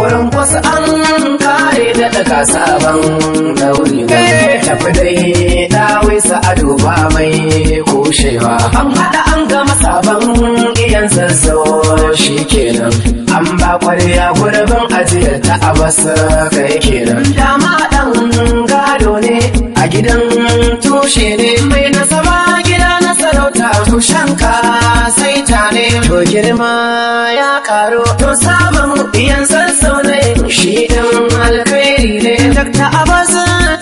kurin wasu an kare da daga sabon dauri tafi dai dawai sa'adu ba mai kushewa an haɗa an gama sabon iyan sassau shi kenan an ba kwarya gurbin ajiyar ta a wasu kai kenan dama ɗan gado ne a gidan tushe ne mai Shanka sai ta ne to girma ya karo to sabon yan sassau ne shi ɗin alkhairi ne dakta abbas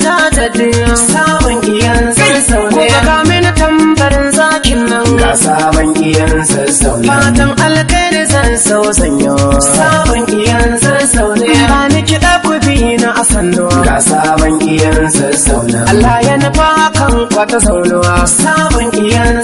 ta tadi sabon iyan sassau ne ko ga min tambarin zakin nan ga sabon iyan sassau fatan alkhairi zan so sanyo sabon iyan sassau ba ni kiɗa ku bi na asannuwa ga sabon iyan sassau Allah ya nufa kan kwata saunuwa sabon iyan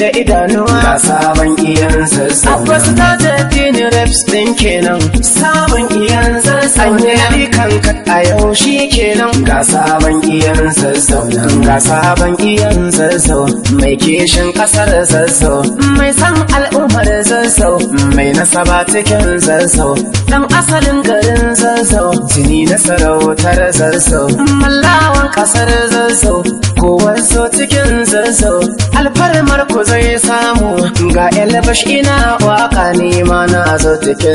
da idanuwa ba sabon iyan zarsa abuwa su ta tafi ne reps din kenan sabon iyan zarsa an yi kanka a yau shi kenan ga sabon iyan zarsa ga sabon iyan zarsa mai kishin kasar zazzau. mai san al'ummar zazzau. mai nasaba cikin zarsa dan asalin garin zazzau. jini na sarautar zarsa mallawan kasar zarsa kowansu cikin zazzau alfarmar ku zai samu ga elbash ina waka nema na zo cikin